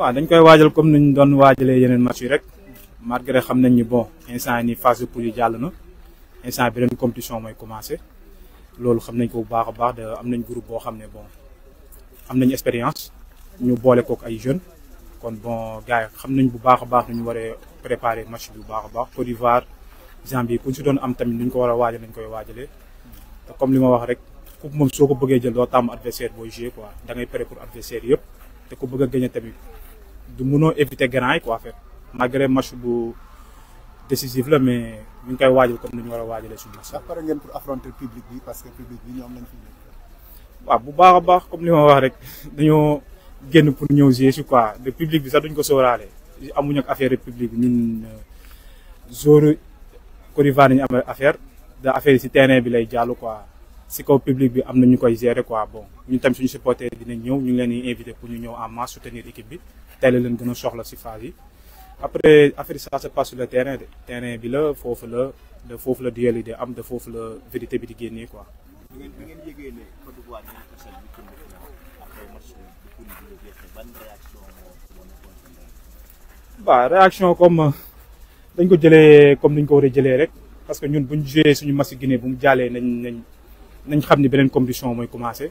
waaw dañ koy waajal comme nu ñu doon waajalee yeneen match rek malgré xam nañ ni bon instant nii phase de poule yi jàll na instant beneen compétition mooy commencé loolu xam nañ ko bu baax a baax da am nañ groupe boo xam ne bon am nañ expérience ñu boole kook ay jeunes kon bon gars yi xam nañ bu baax a baax nu ñu waree préparer match bi bu baax a baax Côte d'Ivoire Zambie ku ñu si doon am tamit nu ñu ko war a waajal nañ koy waajale te comme li ma wax rek coupe moom soo ko bëggee jël doo tàmm adversaire booy jouer quoi da ngay prêt pour adversaire yëpp te ku bëgg a gagner tamit du mënoo éviter grand yi quoi en fait malgré match bu décisif la mais ñu ngi koy waajal comme ni ñu war a waajalee suñu match. ndax pare ngeen pour affronter public bi parce que public bi ñoom lañ fi nekk. waaw bu baax a baax comme li ma wax rek dañoo génn pour ñëw jouer si quoi de public bi sax duñ ko sóoraale amuñu ak affaire bi ñun zone euh, Côte d'Ivoire ñu am affaire da affaire yi si terrain bi lay jaalu quoi. si kaw public bi am na ñu koy gérer quoi bon ñu tam suñu supporter dinañ ñëw ñu ngi leen di invité pour ñu ñëw en masse soutenir bi. tey la leen gën a soxla si phase yi après affaire ça se passe sur le terrain terrain bi la foofu la de foofu la duel yi di am de foofu la vérité bi di génnee quoi. waaw réaction comme euh, dañ ko jëlee comme ni ko war a jëlee rek parce que ñun buñ ñu joué suñu match Guinée bu mu jàllee nañ nañ nañ xam ni beneen compétition mooy commencé.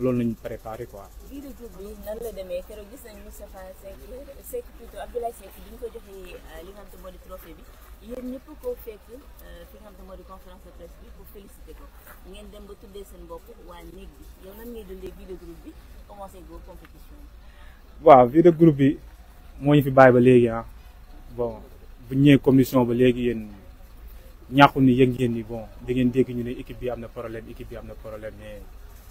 loolu lañ préparé quoi. biir groupe bi nan la demee keroog gis nañ Moustapha Seck Seck plutôt Abdoulaye Seck bi ñu ko joxee euh, li nga xam moo di trophée bi yéen ñëpp ko fekk euh, fi nga xam moo di conférence de presse bi pour féliciter ko ngeen dem ba tuddee seen bopp waa néeg bi yow nan ngay dundee biir groupe bi commencé go compétition bi. waaw biir groupe bi moo ñu fi bàyyi ba léegi ah bon bu ñëwee commission ba léegi yéen ñàkku ni yëg ngeen ni bon da ngeen dégg ñu ne équipe bi am na problème équipe bi am na problème mais.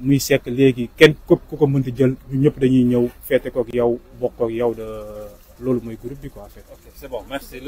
muy sekk léegi kenn képp ku ko mënti jël ñu ñëpp dañuy ñëw feete kook yow bokk kook yow de loolu mooy groupe bi quoi en fait.